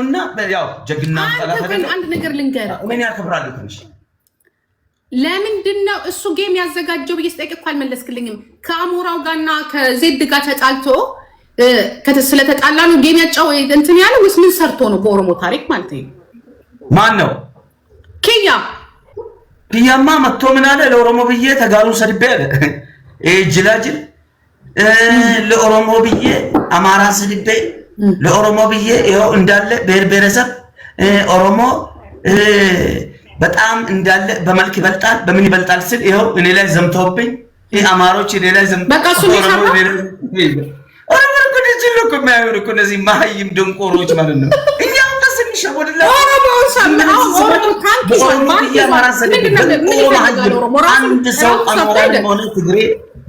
ይመጡና ያው ጀግና አንድ ነገር ልንገር፣ ምን ያከብራሉ ትንሽ ለምንድን ነው እሱ ጌም ያዘጋጀው ብዬ ስጠይቅ እኮ አልመለስክልኝም። ከአሞራው ጋርና ከዜድ ጋር ተጣልቶ ስለተጣላ ነው ጌም ያጫው እንትን ያለ ወይስ ምን ሰርቶ ነው? በኦሮሞ ታሪክ ማለት ነው። ማን ነው ኪያ? ኪያማ መጥቶ ምን አለ? ለኦሮሞ ብዬ ተጋሩን ሰድቤ አለ። ይህ ጅላጅል ለኦሮሞ ብዬ አማራ ሰድቤ ለኦሮሞ ብዬ ይኸው እንዳለ ብሔር ብሔረሰብ ኦሮሞ በጣም እንዳለ በመልክ ይበልጣል፣ በምን ይበልጣል ስል ይኸው እኔ ላይ ዘምተውብኝ፣ አማሮች እኔ ላይ እነዚህ መሀይም ድንቆሮች ማለት ነው። አንድ ሰው ሆነ ትግሬ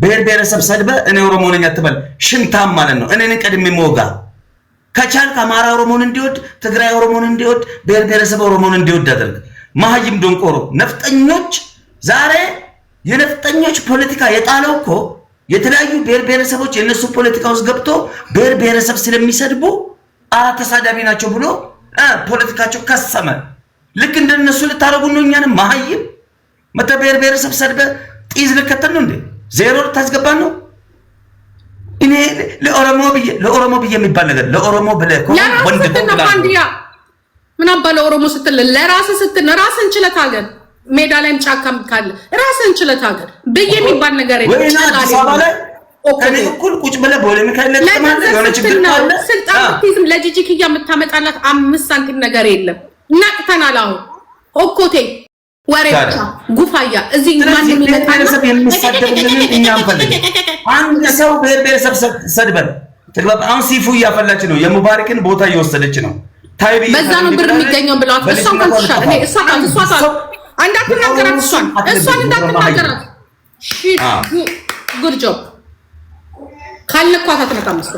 ብሔር ብሔረሰብ ሰድበ እኔ ኦሮሞ ነኝ አትበል። ሽንታም ማለት ነው። እኔን ቀድሜ መወጋ ከቻልክ አማራ ኦሮሞን እንዲወድ፣ ትግራይ ኦሮሞን እንዲወድ፣ ብሔር ብሔረሰብ ኦሮሞን እንዲወድ አድርግ። መሀይም ደንቆሮ ነፍጠኞች፣ ዛሬ የነፍጠኞች ፖለቲካ የጣለው እኮ የተለያዩ ብሔር ብሔረሰቦች የእነሱ ፖለቲካ ውስጥ ገብቶ ብሔር ብሔረሰብ ስለሚሰድቡ አራት ተሳዳቢ ናቸው ብሎ ፖለቲካቸው ከሰመ። ልክ እንደነሱ ልታደረጉ ነው። እኛንም መሀይም መተ ብሔር ብሔረሰብ ሰድበ ጢዝ ልከተል ነው እንዴ? ዜሮ ልታስገባ ነው። እኔ ለኦሮሞ ብዬ ለኦሮሞ ብዬ የሚባል ነገር ለኦሮሞ ብለህ ወንድ ባንዲያ ምን አባ ለኦሮሞ ስትል ለራስህ ስትል ራስህን ችለት ሀገር ሜዳ ላይም ጫካም ካለ ራስህን ችለት ሀገር ብዬ የሚባል ነገር እኩል ለጂጂክያ የምታመጣላት አምስት ሳንቲም ነገር የለም። ነቅተናል። አሁን ኦኮቴ ወሬ ብቻ ጉፋያ እዚህ ማንም ብሔረሰብ የሚሳደብልን እኛ አንፈልግ። አንድ ሰው ብሔር ብሔረሰብ ሰድበን ተግባብ አሁን ሲፉ እያፈላች ነው። የሙባረክን ቦታ እየወሰደች ነው። ታይብ በዛ ነው ብር የሚገኘው ብለዋት እሷን ካልተሻለ እኔ እሷ ካል እሷ ካል እንዳትናገራት እሷን እሷን እንዳትናገራት ጉድ ጆብ ካለኳት አትመጣም። እሷ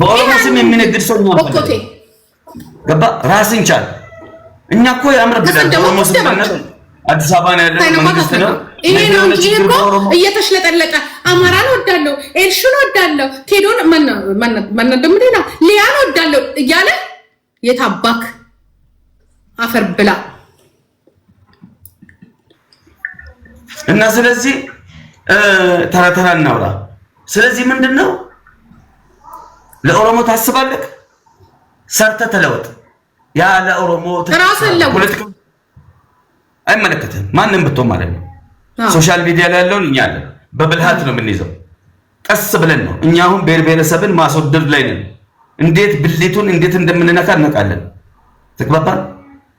በኦሮሞ ስም የሚነግድ ሰው ነው ገባ ራስን ቻል እኛ እኮ ያምርብናል ኦሮሞ ስም አዲስ አበባ ነው ያለው መንግስት ነው። ይሄ ነው እንጂ እኮ እየተሽለጠለቀ አማራን ወዳለሁ፣ ኤልሹን ወዳለሁ፣ ቴዶን ማን እንደምዴ ነው ሊያን ወዳለሁ እያለ የታባክ አፈር ብላ እና ስለዚህ ተራ ተራ እናውራ። ስለዚህ ምንድን ነው ለኦሮሞ ታስባለህ፣ ሰርተ ተለወጥ። ያ ለኦሮሞ ራስን ለውጥ አይመለከትም ማንም ብትሆን ማለት ነው። ሶሻል ሚዲያ ላይ ያለውን እኛ አለን በብልሃት ነው የምንይዘው፣ ቀስ ብለን ነው እኛ አሁን ብሔር ብሔረሰብን ማስወደድ ላይ ነን። እንዴት ብልቱን እንዴት እንደምንነካ እናውቃለን። ትግባባል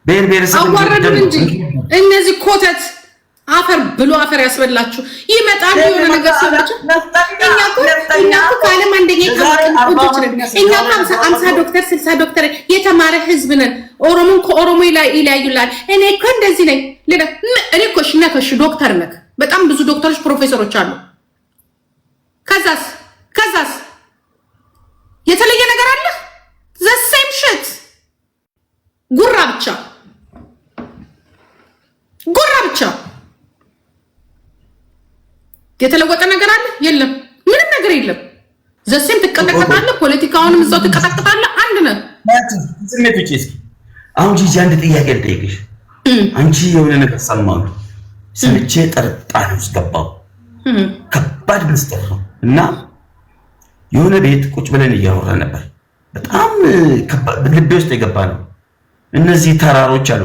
ብሔር ብሔረሰብ እንጂ እነዚህ ኮተት አፈር ብሎ አፈር ያስበላችሁ ይመጣል። የሆነ ነገር ሲሆናችሁ እኛ ከዓለም አንደኛ ቁጆች እኛ አምሳ ዶክተር ስልሳ ዶክተር የተማረ ህዝብ ነን። ኦሮሞን ከኦሮሞ ይለያዩላል። እኔ እኮ እንደዚህ ነኝ። እኔ እኮ እሺ ነህ ዶክተር ነክ በጣም ብዙ ዶክተሮች ፕሮፌሰሮች አሉ። ከዛስ ከዛስ የተለየ ነገር አለ? ዘሴም ሽት ጉራ ብቻ ጉራ ብቻ የተለወጠ ነገር አለ? የለም። ምንም ነገር የለም። ዘሴም ትቀጠቀጣለህ፣ ፖለቲካውንም እዛው ትቀጠቅጣለህ። አንድ ነህ። ስሜት አሁን ጂጂ አንድ ጥያቄ ልጠይቅሽ። አንቺ የሆነ ነገር ሰማሉ ሰምቼ ጠርጣሪ ውስጥ ገባው። ከባድ ምስጢር ነው እና የሆነ ቤት ቁጭ ብለን እያወራ ነበር። በጣም ልቤ ውስጥ የገባ ነው። እነዚህ ተራሮች አሉ።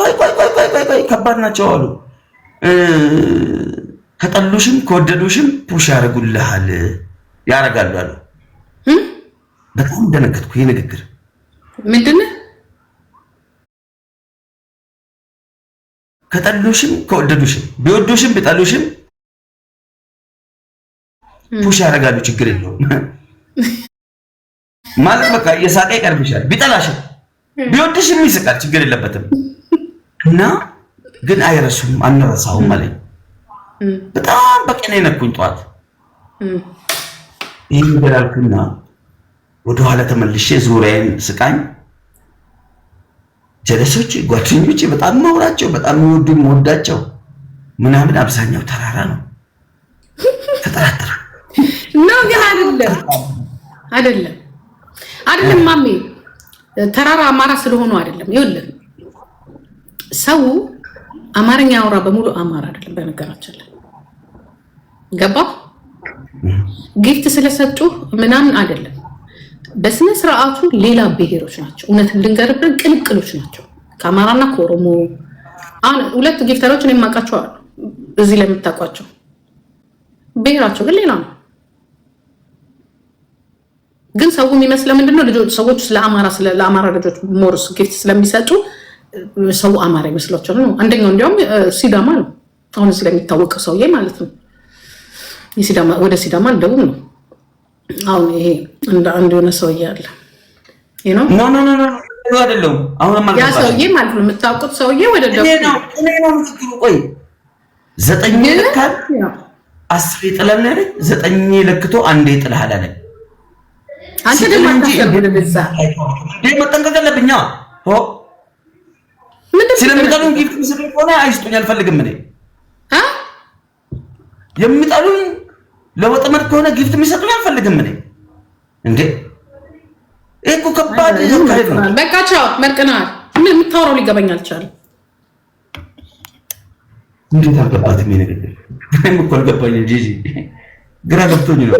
ቆይ ቆይ ታይ ከባድ ናቸው አሉ። ከጠሉሽም ከወደዱሽም ፑሽ ያደርጉልሃል ያደርጋሉ አሉ። በጣም ደነገጥኩ። ይህ ንግግር ምንድን ከጠሉሽም ከወደዱሽም ቢወዱሽም ቢጠሉሽም ፑሽ ያደርጋሉ። ችግር የለውም ማለት በቃ እየሳቀ ይቀርብሻል። ቢጠላሽም ቢወድሽም ይስቃል። ችግር የለበትም። እና ግን አይረሱም አንረሳውም አለኝ። በጣም በቀና የነኩኝ ጠዋት ይህ ነገር አልኩና ወደኋላ ተመልሼ ዙሪያን ስቃኝ ጀለሶች ጓደኞች በጣም ማውራቸው በጣም ወዱ መወዳቸው ምናምን አብዛኛው ተራራ ነው። ተጠራጠራ ነው አይደለም አይደለም አይደለም ማሜ ተራራ አማራ ስለሆኑ አይደለም ይወልን ሰው አማርኛ አውራ በሙሉ አማራ አይደለም። በነገራችን ላይ ገባ ጊፍት ስለሰጡ ምናምን አይደለም። በስነ ስርዓቱ ሌላ ብሔሮች ናቸው። እውነት ልንገርብን ቅልቅሎች ናቸው። ከአማራና ከኦሮሞ ሁለት ጊፍተሮችን የማውቃቸው አሉ። እዚህ ለምታውቋቸው ብሔራቸው ግን ሌላ ነው። ግን ሰው የሚመስለው ምንድነው ልጆች ሰዎች ለአማራ ለአማራ ልጆች ሞርስ ጊፍት ስለሚሰጡ ሰው አማራ ይመስላቸዋል ነው። አንደኛው እንዲያውም ሲዳማ ነው። አሁን ስለሚታወቀው ሰውዬ ማለት ነው። ወደ ሲዳማ እንደውም ነው። አሁን ይሄ እንደ አንድ የሆነ ሰውዬ አለ አይደለሁም። አሁን ያ ሰውዬ ማለት ነው የምታውቁት ሰውዬ ወደ ቆይ ዘጠኝ ልካል አስር ይጥላል ያለ ዘጠኝ ለክቶ አንድ ይጥልሃል አለ። አንተ ደግሞ መጠንቀቅ አለብኝ ስለሚጠሉኝ ጊፍት ምስጡኝ ከሆነ አይስጡኝ፣ አልፈልግም። እኔ የሚጠሉኝ ለወጥመድ ከሆነ ጊፍት የሚሰጡኝ አልፈልግም። እኔ እንዴ ይህ እኮ ከባድ ካሄድ ነው። በቃ ቻው፣ መርቅናል። ምን የምታወራው ሊገባኝ አልቻለም። እንዴት አልገባትም? ይነግል እኮ አልገባኝም። ጂጂ ግራ ገብቶኝ ነው።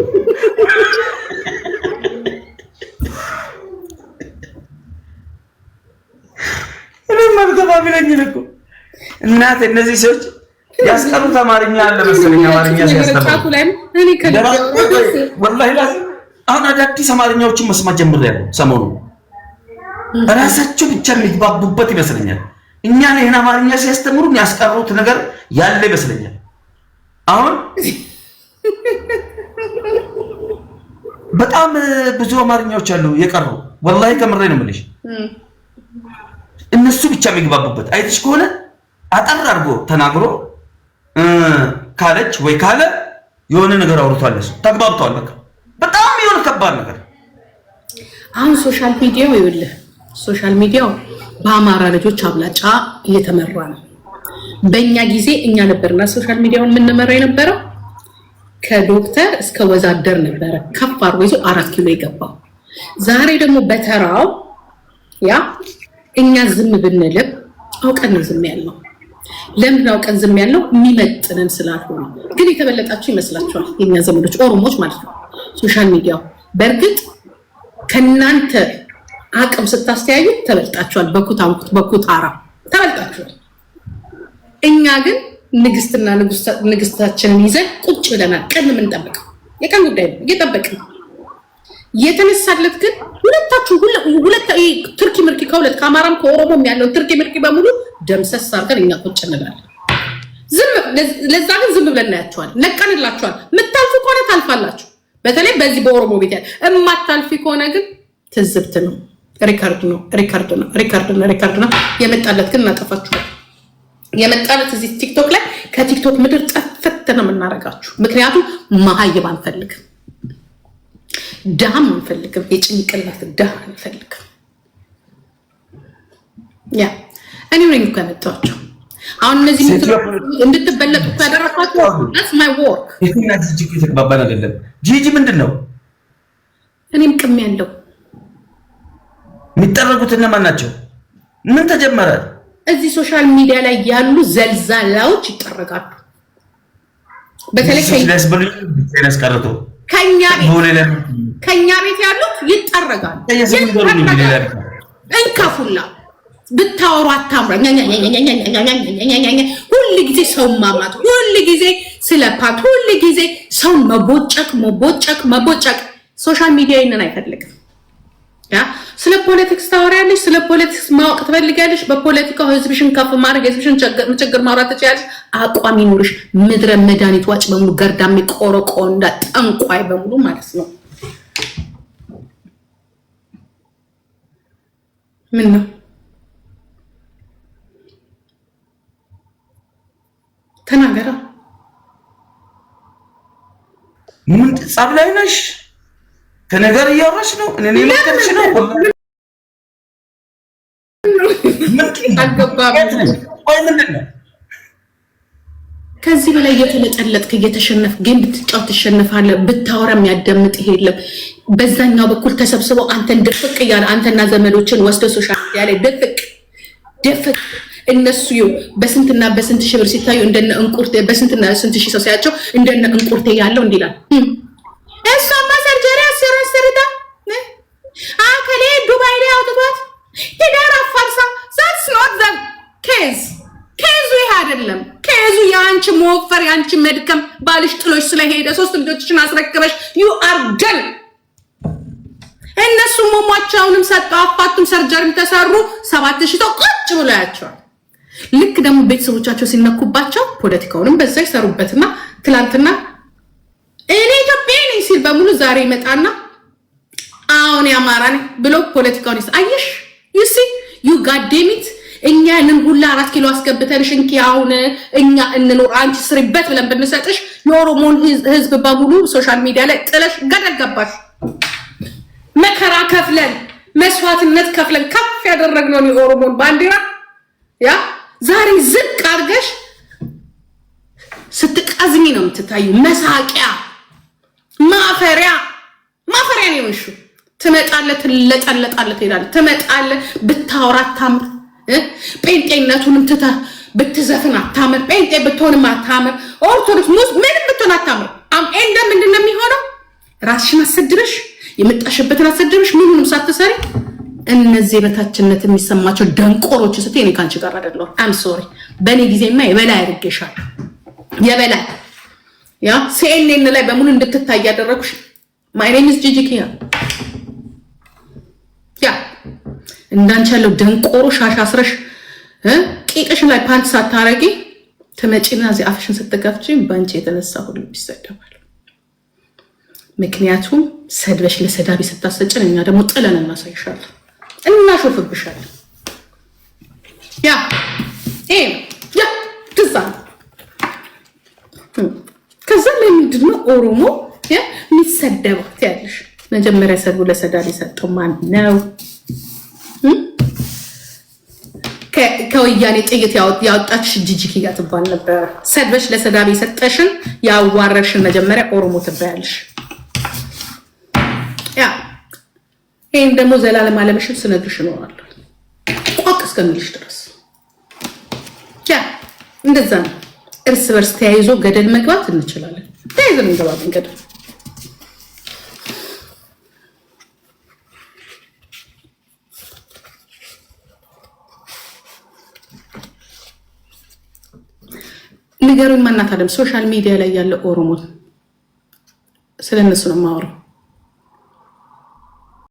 የሚለኝን እኮ እናቴ እነዚህ ሰዎች ያስቀሩት አማርኛ አለ መሰለኝ። አማርኛ ሲያስተምሩ ወላሂ ላዚ አሁን አዳዲስ አማርኛዎችን መስማት ጀምሬያለሁ ሰሞኑን። ራሳቸው ብቻ የሚግባቡበት ይመስለኛል። እኛን ይህን አማርኛ ሲያስተምሩ የሚያስቀሩት ነገር ያለ ይመስለኛል። አሁን በጣም ብዙ አማርኛዎች አሉ የቀሩ። ወላሂ ከምሬ ነው የምልሽ እነሱ ብቻ የሚግባቡበት አይተሽ ከሆነ አጠር አድርጎ ተናግሮ ካለች ወይ ካለ የሆነ ነገር አውርቷለች፣ ተግባብቷል። በቃ በጣም የሆነ ከባድ ነገር አሁን ሶሻል ሚዲያው ይኸውልህ፣ ሶሻል ሚዲያው በአማራ ልጆች አብላጫ እየተመራ ነው። በእኛ ጊዜ እኛ ነበርና ሶሻል ሚዲያውን የምንመራ የነበረው ከዶክተር እስከ ወዛደር ነበረ ከፍ አድርጎ ይዞ አራት ኪሎ የገባው ዛሬ ደግሞ በተራው ያ እኛ ዝም ብንልም አውቀን ነው ዝም ያለው ለምን አውቀን ዝም ያለው የሚመጥንን ስላልሆነ። ግን የተበለጣቸው ይመስላችኋል፣ የኛ ዘመዶች ኦሮሞች ማለት ነው። ሶሻል ሚዲያው በእርግጥ ከእናንተ አቅም ስታስተያዩ ተበልጣችኋል። በኩታንኩት በኩታራ ተበልጣችኋል። እኛ ግን ንግስትና ንግስታችንን ይዘን ቁጭ ብለናል። ቀን የምንጠብቀው የቀን ጉዳይ ነው፣ እየጠበቅን ነው። የተነሳለት ግን ሁለታችሁ ሁለት ትርኪ ምርኪ ከሁለት ከአማራም ከኦሮሞም ያለውን ትርኪ ምርኪ በሙሉ ደምሰስ አድርገን እኛ ቁጭ እንላለን። ለዛ ግን ዝም ብለን እናያቸዋል። ነቀንላቸዋል። ምታልፉ ከሆነ ታልፋላችሁ። በተለይ በዚህ በኦሮሞ ቤት ያለ እማታልፊ ከሆነ ግን ትዝብት ነው፣ ሪከርድ ነው፣ ሪከርድ ነው፣ ሪከርድ ነው፣ ሪከርድ ነው። የመጣለት ግን እናጠፋችኋል። የመጣለት እዚህ ቲክቶክ ላይ ከቲክቶክ ምድር ጠፈት ነው የምናደርጋችሁ። ምክንያቱም መሀይብ አንፈልግም። ድሃም አንፈልግም። የጭንቅላት ድሃ አንፈልግም። ያ እኔ ነኝ እኮ ያመጣኋቸው። አሁን እነዚህ እንድትበለጡ ያደረኳቸው ማይ ወርክ ጂጂ የተግባባን አይደለም። ጂጂ ምንድን ነው? እኔም ቅሜ ያለው የሚጠረጉት እነማን ናቸው? ምን ተጀመረ? እዚህ ሶሻል ሚዲያ ላይ ያሉ ዘልዛላዎች ይጠረጋሉ። በተለይ ያስቀርቶ ከኛ ቤት ከኛ ቤት ያሉት ይጠረጋሉ። እንከፉላ ብታወሩ ሁል ጊዜ ሰው ማማት፣ ሁል ጊዜ ስለፓት፣ ሁል ጊዜ ሰው መቦጨቅ መቦጨቅ መቦጨቅ። ሶሻል ሚዲያ ይንን አይፈልግም። ስለ ፖለቲክስ ታወሪያለሽ፣ ስለ ፖለቲክስ ማወቅ ትፈልጊያለሽ፣ በፖለቲካው ህዝብሽን ከፍ ማድረግ ህዝብሽን ችግር ማውራት ትችያለሽ። አቋም ይኑርሽ። ምድረ መድኃኒት ዋጭ በሙሉ ገርዳሚ፣ ቆረቆ እንዳ ጠንቋይ በሙሉ ማለት ነው። ምን ነው ተናገረ? ምን ጻፍ ላይ ነሽ? ከነገር እያወራሽ ነው። እኔ ነው ነው። ከዚህ በላይ እየተለጠለጥክ እየተሸነፍክ ግን ብትጫወት ትሸነፋለህ። ብታወራ የሚያዳምጥ ይሄ የለም። በዛኛው በኩል ተሰብስበው አንተን ድፍቅ እያለ አንተና ዘመዶችን ወስደ ሶሻል ሚዲያ ላይ ድፍቅ ድፍቅ እነሱ ይኸው በስንትና በስንት ሺህ ብር ሲታዩ እንደነ እንቁርቴ በስንትና ስንት ሺህ ሰው ሲያቸው እንደነ እንቁርቴ ያለው እንዲላል እሷ አይደለም ከዙ የአንቺ መወፈር የአንቺ መድከም ባልሽ ጥሎች ስለሄደ ሶስት ልጆችሽን አስረክበሽ ዩ አር ደን። እነሱም ሞሟቸውንም ሰጠው አፋቱም ሰርጀሪም ተሰሩ ሰባት ሽተው ቁጭ ብሎ ያቸዋል። ልክ ደግሞ ቤተሰቦቻቸው ሲነኩባቸው ፖለቲካውንም በዛ ይሰሩበትና ትላንትና እኔ ኢትዮጵያ ነኝ ሲል በሙሉ ዛሬ ይመጣና አሁን የአማራ ነኝ ብሎ ፖለቲካውን አየሽ ዩሲ ዩ ጋዴሚት እኛንን ሁላ አራት ኪሎ አስገብተን ሽንኪ አሁን እኛ እንኖር አንቺ ስሪበት ብለን ብንሰጥሽ የኦሮሞን ህዝብ በሙሉ ሶሻል ሚዲያ ላይ ጥለሽ ገደል ገባሽ። መከራ ከፍለን መስዋዕትነት ከፍለን ከፍ ያደረግነውን የኦሮሞን ባንዲራ ያ ዛሬ ዝቅ አድርገሽ ስትቀዝኝ ነው የምትታዩ። መሳቂያ፣ ማፈሪያ፣ ማፈሪያ ነው የሆንሽው። ትመጣለህ፣ ትለጠለጣለህ፣ ትሄዳለህ። ትመጣለህ ብታወራት ጴንጤነቱንም ትታ ብትዘፍን አታምር። ጴንጤ ብትሆንም አታምር። ኦርቶዶክስ ሙስ ምንም ብትሆን አታምር። አምኤንደ ምንድን ነው የሚሆነው? ራስሽን አሰድበሽ የመጣሽበትን አሰድበሽ ምንም ሳትሰሪ እነዚህ የበታችነት የሚሰማቸው ደንቆሮች ስት እኔ ከአንቺ ጋር አይደለሁም። አም ሶሪ በእኔ ጊዜማ የበላይ አድርጌሻል። የበላይ ያ ሲኤንኤን ላይ በሙሉ እንድትታይ ያደረጉሽ ማይ ኔም ኢዝ ጂጂ ኪያ እንዳንቺ ያለው ደንቆሮ ሻሽ አስረሽ ቂቅሽ ላይ ፓንት ሳታረጊ ትመጪና እዚህ አፍሽን ስትጋፍጪ በአንቺ የተነሳ ሁሉ ይሰደባል። ምክንያቱም ሰድበሽ ለሰዳቢ ስታሰጭን እኛ ደግሞ ጥለን እናሳይሻለን፣ እናሾፍብሻለን። ያ ይሄ ነው ከዛ ላይ ነው ኦሮሞ የሚሰደባት ያለሽ መጀመሪያ ሰድቡ ለሰዳቢ ሰጠው ማን ነው? ከወያኔ ጥይት ያወጣች ጂጂኪያ ትባል ነበረ። ሰድበሽ ለሰዳቢ የሰጠሽን ያዋረርሽን መጀመሪያ ኦሮሞ ትባያለሽ። ያ ይህም ደግሞ ዘላለም አለምሽን ስነግርሽ እኖራለሁ ቋቅ እስከሚልሽ ድረስ። ያ እንደዛ ነው። እርስ በርስ ተያይዞ ገደል መግባት እንችላለን። ተያይዘን እንገባለን ገደል ንገሩኝ። ማናት አለም ሶሻል ሚዲያ ላይ ያለው ኦሮሞ ስለነሱ ነው የማወራው።